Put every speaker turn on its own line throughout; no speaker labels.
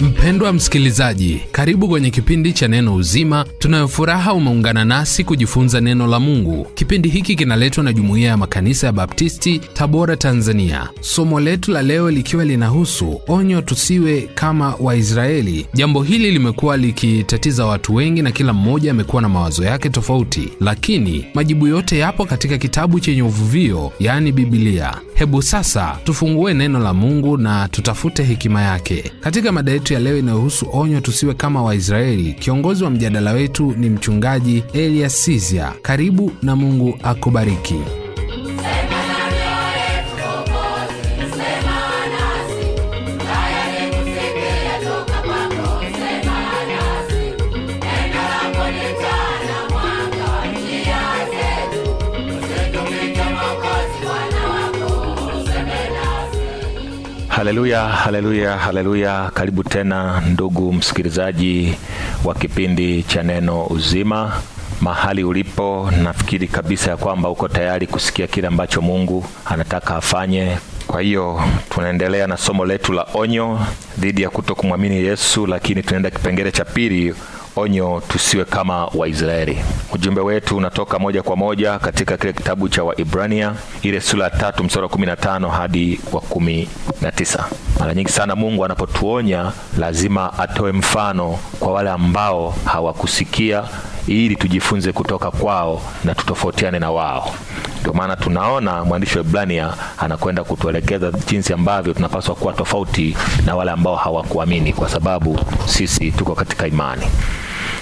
Mpendwa msikilizaji, karibu kwenye kipindi cha Neno Uzima. Tunayofuraha umeungana nasi kujifunza neno la Mungu. Kipindi hiki kinaletwa na Jumuiya ya Makanisa ya Baptisti, Tabora, Tanzania. Somo letu la leo likiwa linahusu onyo, tusiwe kama Waisraeli. Jambo hili limekuwa likitatiza watu wengi na kila mmoja amekuwa na mawazo yake tofauti, lakini majibu yote yapo katika kitabu chenye uvuvio, yani bibilia Hebu sasa tufungue neno la Mungu na tutafute hekima yake katika mada yetu ya leo inayohusu onyo tusiwe kama Waisraeli. Kiongozi wa mjadala wetu ni mchungaji Elias Sizia. Karibu na Mungu akubariki.
Haleluya, haleluya, haleluya! Karibu tena ndugu msikilizaji wa kipindi cha Neno Uzima mahali ulipo. Nafikiri kabisa ya kwamba uko tayari kusikia kile ambacho Mungu anataka afanye. Kwa hiyo tunaendelea na somo letu la onyo dhidi ya kutokumwamini Yesu, lakini tunaenda kipengele cha pili, onyo tusiwe kama Waisraeli. Ujumbe wetu unatoka moja kwa moja katika kile kitabu cha Waibrania ile sura ya tatu mstari wa kumi na tano hadi wa kumi na tisa. Mara nyingi sana Mungu anapotuonya lazima atoe mfano kwa wale ambao hawakusikia ili tujifunze kutoka kwao na tutofautiane na wao. Ndio maana tunaona mwandishi wa Ibrania anakwenda kutuelekeza jinsi ambavyo tunapaswa kuwa tofauti na wale ambao hawakuamini, kwa sababu sisi tuko katika imani.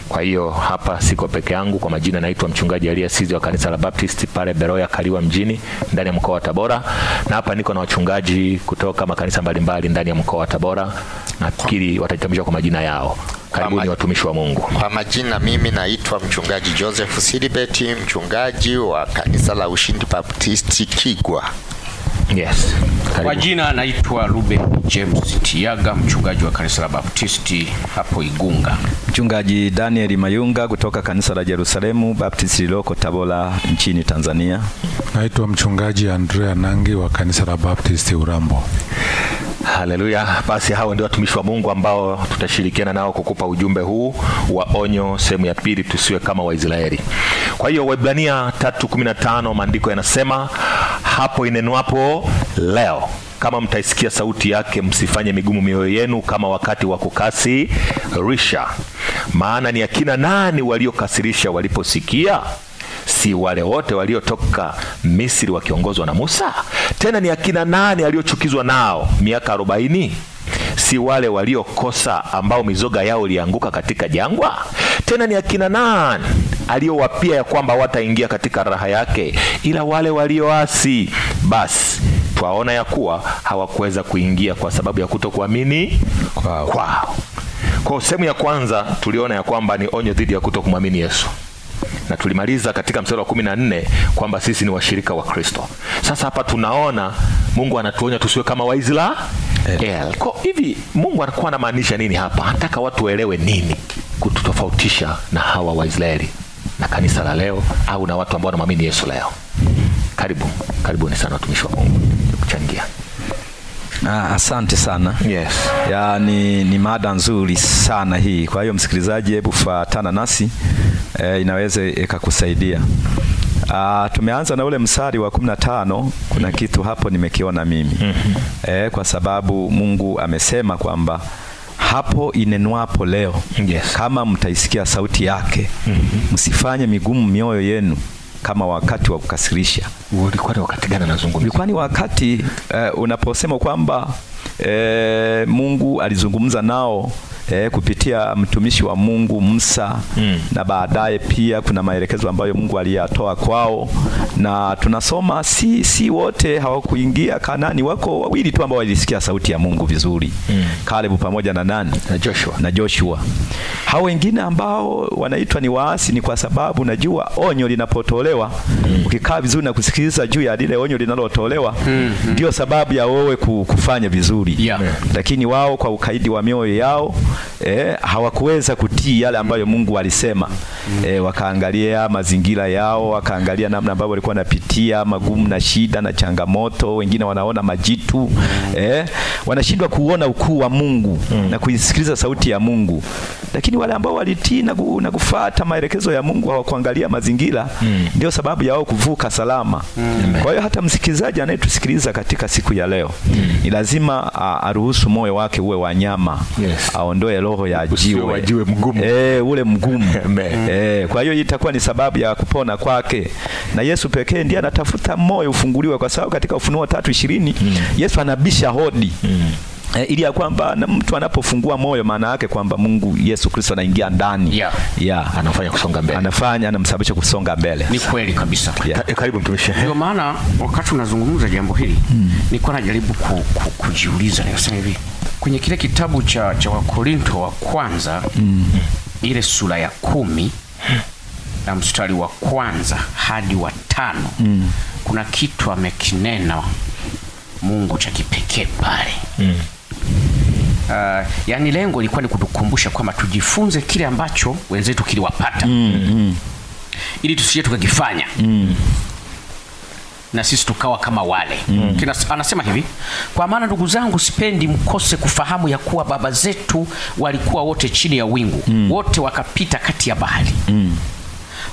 Kwa hiyo hapa siko peke yangu. Kwa majina, naitwa mchungaji Elias Sizi wa kanisa la Baptisti pale Beroya Kaliwa mjini ndani ya mkoa wa Tabora, na hapa niko na wachungaji kutoka makanisa mbalimbali ndani ya mkoa wa Tabora. Nafikiri watajitambulisha kwa majina yao. Karibuni watumishi wa Mungu.
Kwa majina, mimi naitwa mchungaji Joseph Silibeti, mchungaji
wa kanisa la Ushindi Baptisti Kigwa.
Yes. Karibu. Kwa jina
naitwa Ruben James Tiaga, mchungaji wa kanisa la Baptisti hapo Igunga.
Mchungaji Daniel Mayunga kutoka kanisa la Yerusalemu Baptisti liloko Tabora
nchini Tanzania. Naitwa mchungaji Andrea Nangi wa kanisa la Baptisti Urambo. Haleluya! Basi hao ndio watumishi wa Mungu ambao tutashirikiana nao kukupa ujumbe
huu wa onyo, sehemu ya pili, tusiwe kama Waisraeli. Kwa hiyo Waebrania 3:15 maandiko yanasema hapo inenwapo leo kama mtaisikia sauti yake, msifanye migumu mioyo yenu kama wakati wa kukasi risha Maana ni akina nani waliokasirisha waliposikia? Si wale wote waliotoka Misri wakiongozwa na Musa? Tena ni akina nani aliyochukizwa nao miaka arobaini? Si wale waliokosa ambao mizoga yao ilianguka katika jangwa? Tena ni akina nani aliyowapia ya kwamba wataingia katika raha yake, ila wale walioasi? Basi twaona ya kuwa hawakuweza kuingia kwa sababu ya kutokuamini kwao. Kwao kwa sehemu ya kwanza tuliona ya kwamba ni onyo dhidi ya kutokumwamini Yesu na tulimaliza katika mstari wa kumi na nne kwamba sisi ni washirika wa Kristo. Sasa hapa tunaona Mungu anatuonya tusiwe kama Waisraeli. Eh. Kwa hivi Mungu anakuwa anamaanisha nini hapa? Anataka watu waelewe nini kututofautisha na hawa Waisraeli na kanisa la leo au na watu ambao wanamwamini
Yesu leo. Karibu, karibuni sana watumishi wa Mungu. Ah, asante sana yes. Ya, ni, ni mada nzuri sana hii. Kwa hiyo msikilizaji, hebu fuatana nasi e, inaweza ikakusaidia. Ah, tumeanza na ule msari wa kumi na tano. Kuna kitu hapo nimekiona mimi mm -hmm. E, kwa sababu Mungu amesema kwamba hapo inenwapo leo yes. Kama mtaisikia sauti yake mm-hmm. msifanye mm -hmm. migumu mioyo yenu kama wakati wa kukasirisha. Ulikuwa ni wakati gani anazungumza? Ulikuwa ni wakati uh, unaposema kwamba uh, Mungu alizungumza nao e, kupitia mtumishi wa Mungu Musa mm. na baadaye pia kuna maelekezo ambayo Mungu aliyatoa kwao, na tunasoma si, si wote hawakuingia Kanani, wako wawili tu ambao walisikia sauti ya Mungu vizuri mm. Kalebu pamoja na nani na Joshua, na Joshua. Hao wengine ambao wanaitwa ni waasi ni kwa sababu najua onyo linapotolewa mm. ukikaa vizuri na kusikiliza juu ya lile onyo linalotolewa hmm. ndio mm. sababu ya wewe kufanya vizuri yeah. Lakini wao kwa ukaidi wa mioyo yao eh, hawakuweza kutii yale ambayo Mungu alisema. Eh, wakaangalia mazingira yao, wakaangalia namna ambavyo walikuwa wanapitia magumu na shida na changamoto, wengine wanaona majitu eh, wanashindwa kuona ukuu wa Mungu mm. na kuisikiliza sauti ya Mungu. Lakini wale ambao walitii na, ku, na kufuata maelekezo ya Mungu hawakuangalia mazingira mm. ndio sababu yao kuvuka salama mm. Kwa hiyo hata msikilizaji anayetusikiliza katika siku ya leo mm. ni lazima aruhusu moyo wake uwe wanyama yes. Aondoe aiondoe roho ya jiwe, jiwe mgumu. E, ule mgumu e, kwa hiyo itakuwa ni sababu ya kupona kwake, na Yesu pekee ndiye anatafuta moyo ufunguliwe, kwa sababu katika Ufunuo tatu ishirini mm. Yesu anabisha hodi mm. E, ili ya kwamba mtu anapofungua moyo, maana yake kwamba Mungu Yesu Kristo anaingia ndani yeah. yeah. anafanya kusonga mbele, anafanya anamsababisha kusonga mbele. Ni kweli kabisa yeah. Ka, karibu mtumishi. Ndio maana wakati unazungumza jambo hili mm. nilikuwa najaribu ku, ku,
kujiuliza, nikasema hivi kwenye kile kitabu cha, cha Wakorinto wa kwanza mm. ile sura ya kumi na mstari wa kwanza hadi wa tano mm. kuna kitu amekinena Mungu cha kipekee pale mm. Uh, yaani lengo lilikuwa ni kutukumbusha kwamba tujifunze kile ambacho wenzetu kiliwapata mm, mm. ili tusije tukakifanya mm na sisi tukawa kama wale mm. Kina, anasema hivi, kwa maana ndugu zangu, sipendi mkose kufahamu ya kuwa baba zetu walikuwa wote chini ya wingu mm. wote wakapita kati ya bahari mm.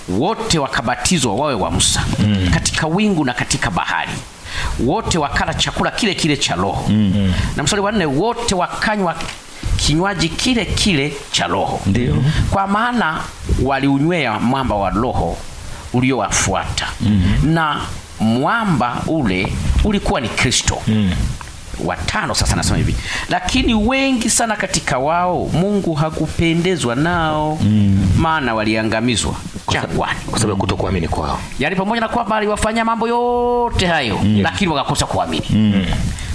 wote wakabatizwa wawe wa Musa mm. katika wingu na katika bahari wote wakala chakula kile kile cha roho mm, mm. na mstari wa nne, wote wakanywa kinywaji kile kile cha roho ndio, mm kwa maana waliunywea mwamba wa roho uliowafuata mm -hmm. na mwamba ule ulikuwa ni Kristo. mm. Watano sasa, nasema hivi, lakini wengi sana katika wao Mungu hakupendezwa nao, mm. maana waliangamizwa kwa sababu kutokuamini kwao. Yaani pamoja na kwamba aliwafanyia mambo yote hayo, mm. lakini wakakosa kuamini. mm.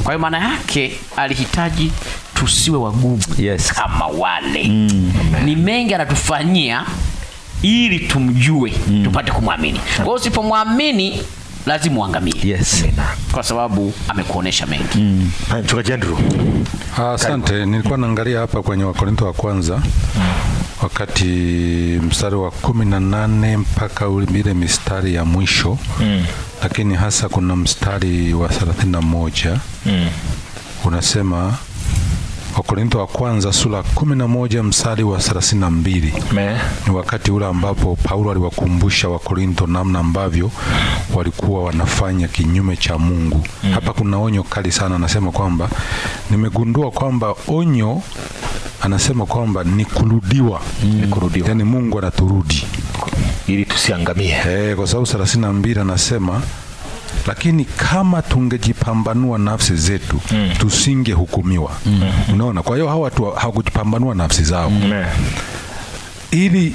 Kwa hiyo maana yake alihitaji tusiwe wagumu, yes. kama wale. mm. ni mengi anatufanyia ili tumjue, mm. tupate kumwamini. Kwa hiyo usipomwamini lazima uangamie. Yes. Kwa sababu amekuonesha mengi.
Mm. Mchungaji ah, Asante, nilikuwa naangalia hapa kwenye Wakorintho wa kwanza mm. wakati mstari wa kumi na nane mpaka ile mistari ya mwisho mm. Lakini hasa kuna mstari wa thelathini na moja mm. unasema Wakorintho wa kwanza sura 11 mstari wa 32. Ni wakati ule ambapo Paulo aliwakumbusha Wakorintho namna ambavyo walikuwa wanafanya kinyume cha Mungu. Mm. Hapa kuna onyo kali sana, anasema kwamba nimegundua kwamba onyo, anasema kwamba ni kurudiwa. Mm. Yaani Mungu anaturudi ili tusiangamie. Eh, kwa sababu 32 anasema lakini kama tungejipambanua nafsi zetu mm. tusingehukumiwa mm. unaona. Kwa hiyo hawa watu hawakujipambanua nafsi zao mm. ili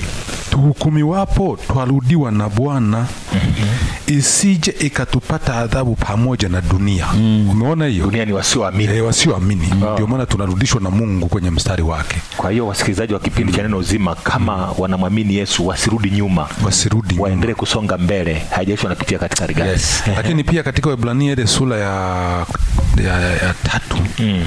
tuhukumiwapo twarudiwa na Bwana mm -hmm. isije ikatupata adhabu pamoja na dunia mm. Umeona hiyo dunia ni wasioamini e, wasioamini ah. ndio mm. maana tunarudishwa na Mungu kwenye mstari wake. Kwa hiyo wasikilizaji wa kipindi mm. cha Neno Uzima,
kama mm. wanamwamini Yesu wasirudi nyuma, wasirudi waendelee kusonga mbele, haijalishi wanapitia katika hali yes. lakini
pia katika Waebrania ile sura ya, ya, ya, ya tatu mm.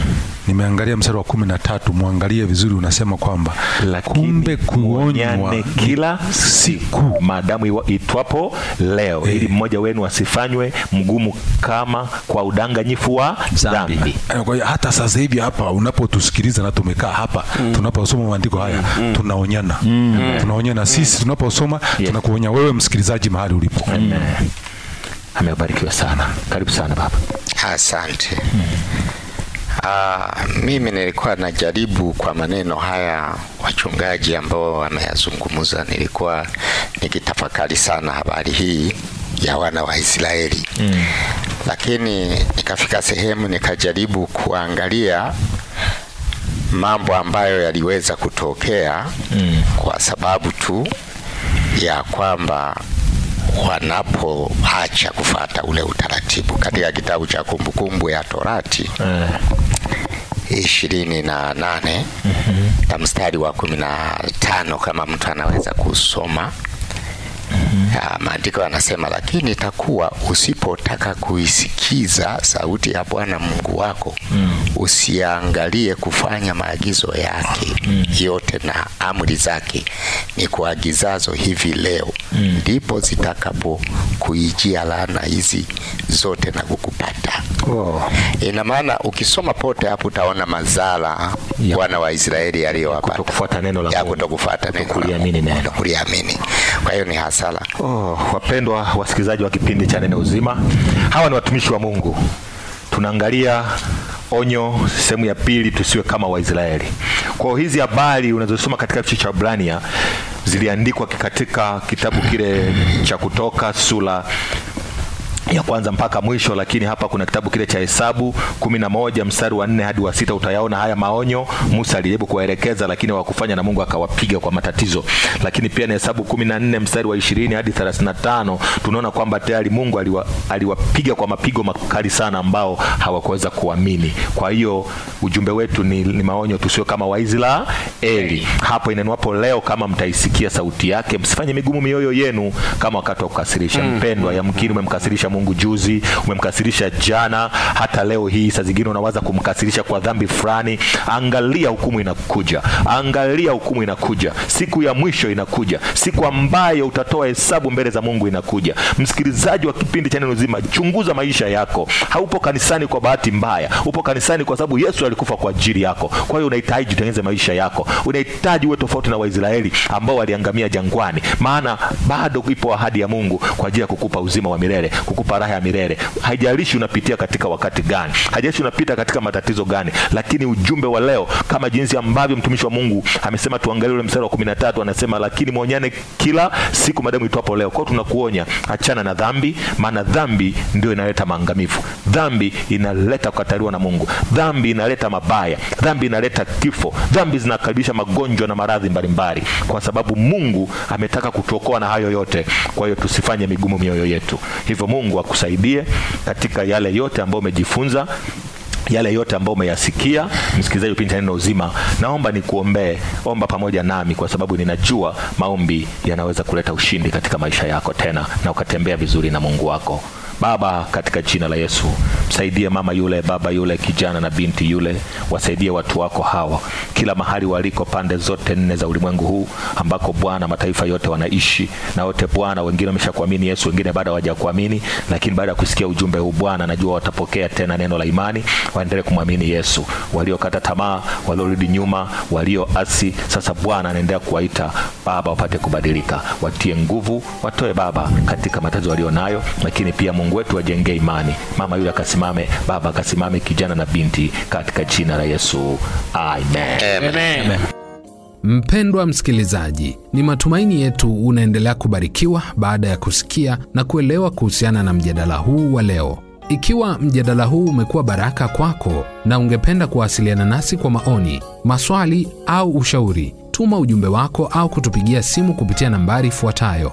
nimeangalia mstari wa kumi na tatu, mwangalie vizuri, unasema kwamba lakini kumbe kuonywa kila siku maadamu itwapo leo hey, eh. ili
mmoja wenu asifanywe mgumu kama kwa udanganyifu wa dhambi.
Eh, hata sasa hivi hapa unapotusikiliza na tumekaa hapa mm, tunaposoma maandiko haya mm, mm. tunaonyana mm. mm, tunaonyana mm, sisi tunaposoma yes, tunakuonya wewe msikilizaji mahali ulipo. Amen. Amebarikiwa sana. Karibu sana baba. Asante. mm.
Aa, ah, mimi nilikuwa najaribu kwa maneno haya wachungaji ambao wameyazungumza, nilikuwa nikitafakari sana habari hii ya wana wa Israeli mm. Lakini nikafika sehemu nikajaribu kuangalia mambo ambayo yaliweza kutokea mm. kwa sababu tu ya kwamba wanapoacha kufata ule utaratibu katika kitabu cha Kumbukumbu ya Torati mm ishirini na nane mhm. na mstari wa kumi na tano kama mtu anaweza kusoma mm -hmm. Maandiko yanasema, lakini itakuwa usipotaka kuisikiza sauti ya Bwana Mungu wako mm -hmm. usiangalie kufanya maagizo yake mm -hmm. yote na amri zake ni kuagizazo hivi leo mm. ndipo mm -hmm. zitakapo kuijia laana hizi zote na kukupata. Oh. Ina maana ukisoma pote hapo utaona mazala wana wa Israeli aliyowapata ya kutokufuata neno la Mungu, kuliamini kwa hiyo ni hasara.
Oh, wapendwa wasikilizaji wa kipindi cha Neno Uzima, hawa ni watumishi wa Mungu. Tunaangalia onyo sehemu ya pili, tusiwe kama Waisraeli. Kwa hiyo hizi habari unazosoma katika kitabu cha Ibrania ziliandikwa katika kitabu kile cha Kutoka sura ya kwanza mpaka mwisho, lakini hapa kuna kitabu kile cha Hesabu kumi na moja mstari wa nne hadi wa sita utayaona haya maonyo. Musa alijaribu kuwaelekeza, lakini hawakufanya na Mungu akawapiga kwa matatizo. Lakini pia na Hesabu kumi na nne mstari wa ishirini hadi thelathini na tano tunaona kwamba tayari Mungu aliwa, aliwapiga kwa mapigo makali sana ambao hawakuweza kuamini. Kwa hiyo ujumbe wetu ni, ni maonyo tusio kama Waisraeli Eli. Hapo inenwapo leo, kama mtaisikia sauti yake, msifanye migumu mioyo yenu kama wakati wa kukasirisha. mm. Mpendwa, yamkini umemkasirisha Mungu juzi, umemkasirisha jana, hata leo hii saa zingine unawaza kumkasirisha kwa dhambi fulani. Angalia hukumu inakuja, angalia hukumu inakuja, siku ya mwisho inakuja, siku ambayo utatoa hesabu mbele za Mungu inakuja. Msikilizaji wa kipindi cha Neno Zima, chunguza maisha yako. Haupo kanisani kwa bahati mbaya, upo kanisani kwa sababu Yesu alikufa kwa ajili yako. Kwa hiyo unahitaji utengeneze maisha yako unahitaji uwe tofauti na Waisraeli ambao waliangamia jangwani, maana bado ipo ahadi ya Mungu kwa ajili ya kukupa uzima wa milele, kukupa raha ya milele. Haijalishi unapitia katika wakati gani, haijalishi unapita katika matatizo gani, lakini ujumbe wa leo kama jinsi ambavyo mtumishi wa Mungu amesema, tuangalie ule mstari wa kumi na tatu, anasema lakini mwonyane kila siku madamu itwapo leo. Kwao tunakuonya achana na dhambi, maana dhambi ndio inaleta maangamivu. Dhambi inaleta kukataliwa na Mungu. Dhambi inaleta mabaya. Dhambi inaleta kifo. Dhambi zinakaribisha kusababisha magonjwa na maradhi mbalimbali, kwa sababu Mungu ametaka kutuokoa na hayo yote. Kwa hiyo tusifanye migumu mioyo yetu. Hivyo Mungu akusaidie katika yale yote ambayo umejifunza yale yote ambayo umeyasikia, msikilizaji upindi neno uzima, naomba nikuombee. Omba pamoja nami, kwa sababu ninajua maombi yanaweza kuleta ushindi katika maisha yako, tena na ukatembea vizuri na Mungu wako. Baba, katika jina la Yesu, msaidie mama yule, baba yule, kijana na binti yule, wasaidie watu wako hawa kila mahali waliko, pande zote nne za ulimwengu huu ambako Bwana mataifa yote wanaishi na wote Bwana, wengine wameshakuamini Yesu, wengine bado hawajakuamini, lakini baada ya kusikia ujumbe huu Bwana, najua watapokea tena neno la imani, waendelee kumwamini Yesu. Waliokata tamaa, waliorudi nyuma, walioasi, sasa Bwana anaendelea kuwaita Baba wapate kubadilika, watie nguvu, watoe Baba katika matatizo walionayo, lakini pia Mungu wetu ajengee imani. Mama yule akasimame, baba akasimame, kijana na binti, katika jina la Yesu Amen. Amen. Amen.
Mpendwa msikilizaji, ni matumaini yetu unaendelea kubarikiwa baada ya kusikia na kuelewa kuhusiana na mjadala huu wa leo. Ikiwa mjadala huu umekuwa baraka kwako na ungependa kuwasiliana nasi kwa maoni, maswali au ushauri, tuma ujumbe wako au kutupigia simu kupitia nambari ifuatayo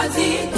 Azito.